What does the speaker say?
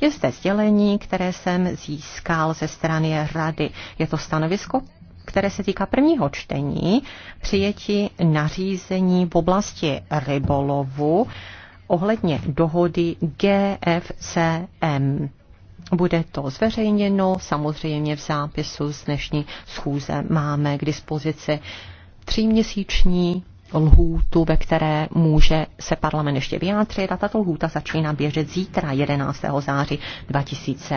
je zde sdělení, které jsem získal ze strany rady. Je to stanovisko, které se týká prvního čtení, přijetí nařízení v oblasti rybolovu ohledně dohody GFCM. Bude to zveřejněno, samozřejmě v zápisu z dnešní schůze máme k dispozici tříměsíční lhůtu, ve které může se parlament ještě vyjádřit a tato lhůta začíná běžet zítra 11. září 2000.